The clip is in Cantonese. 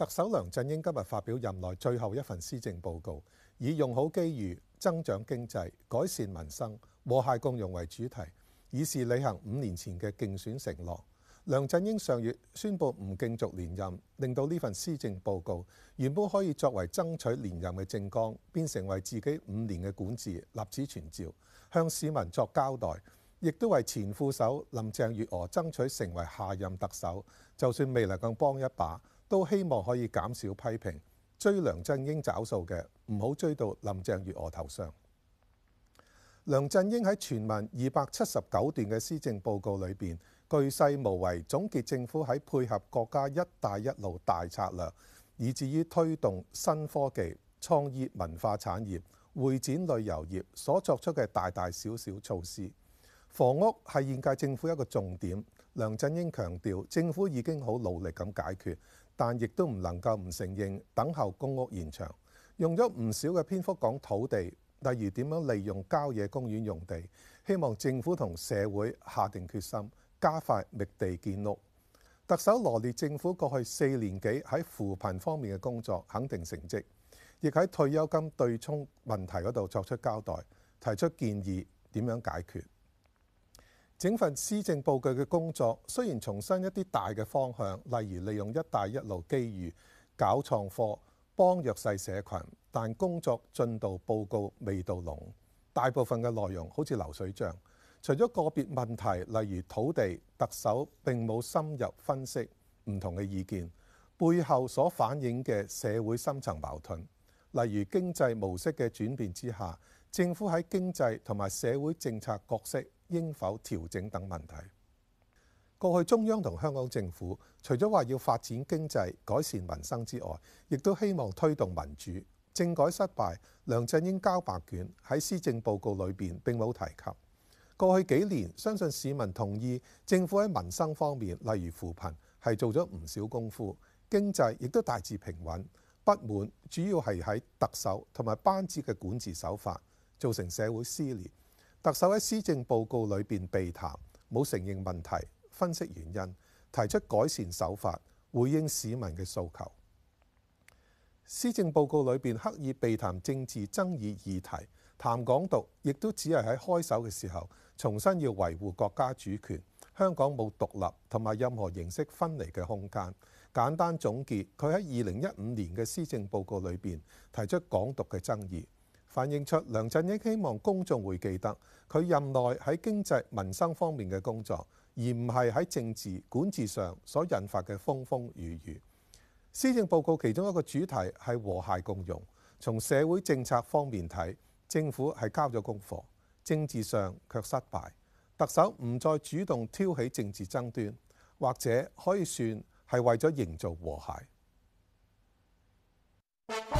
特首梁振英今日發表任內最後一份施政報告，以用好機遇、增長經濟、改善民生、和諧共融為主題，以示履行五年前嘅競選承諾。梁振英上月宣布唔競逐連任，令到呢份施政報告原本可以作為爭取連任嘅政綱，變成為自己五年嘅管治立此存照，向市民作交代，亦都為前副手林鄭月娥爭取成為下任特首，就算未能夠幫一把，都希望可以減少批評，追梁振英找數嘅唔好追到林鄭月娥頭上。梁振英喺全文二百七十九段嘅施政報告裏面，巨細無遺總結政府喺配合國家一帶一路大策略，以至於推動新科技、創意文化產業、會展旅遊業所作出嘅大大小小措施。房屋係現屆政府一個重點，梁振英強調政府已經好努力咁解決。但亦都唔能夠唔承認，等候公屋現場，用咗唔少嘅篇幅講土地，例如點樣利用郊野公園用地，希望政府同社會下定決心加快覓地建屋。特首羅列政府過去四年幾喺扶貧方面嘅工作肯定成績，亦喺退休金對沖問題嗰度作出交代，提出建議點樣解決。整份施政報告嘅工作雖然重申一啲大嘅方向，例如利用一帶一路機遇搞創科、幫弱勢社群，但工作進度報告味道濃，大部分嘅內容好似流水帳。除咗個別問題，例如土地，特首並冇深入分析唔同嘅意見背後所反映嘅社會深層矛盾，例如經濟模式嘅轉變之下，政府喺經濟同埋社會政策角色。應否調整等問題。過去中央同香港政府除咗話要發展經濟、改善民生之外，亦都希望推動民主。政改失敗，梁振英交白卷，喺施政報告裏邊並冇提及。過去幾年，相信市民同意政府喺民生方面，例如扶貧，係做咗唔少功夫。經濟亦都大致平穩。不滿主要係喺特首同埋班子嘅管治手法，造成社會撕裂。特首喺施政報告裏面避談，冇承認問題，分析原因，提出改善手法，回應市民嘅訴求。施政報告裏面刻意避談政治爭議議題，談港獨亦都只係喺開首嘅時候重新要維護國家主權，香港冇獨立同埋任何形式分離嘅空間。簡單總結，佢喺二零一五年嘅施政報告裏面提出港獨嘅爭議。反映出梁振英希望公眾會記得佢任內喺經濟民生方面嘅工作，而唔係喺政治管治上所引發嘅風風雨雨。施政報告其中一個主題係和諧共融，從社會政策方面睇，政府係交咗功課，政治上卻失敗，特首唔再主動挑起政治爭端，或者可以算係為咗營造和諧。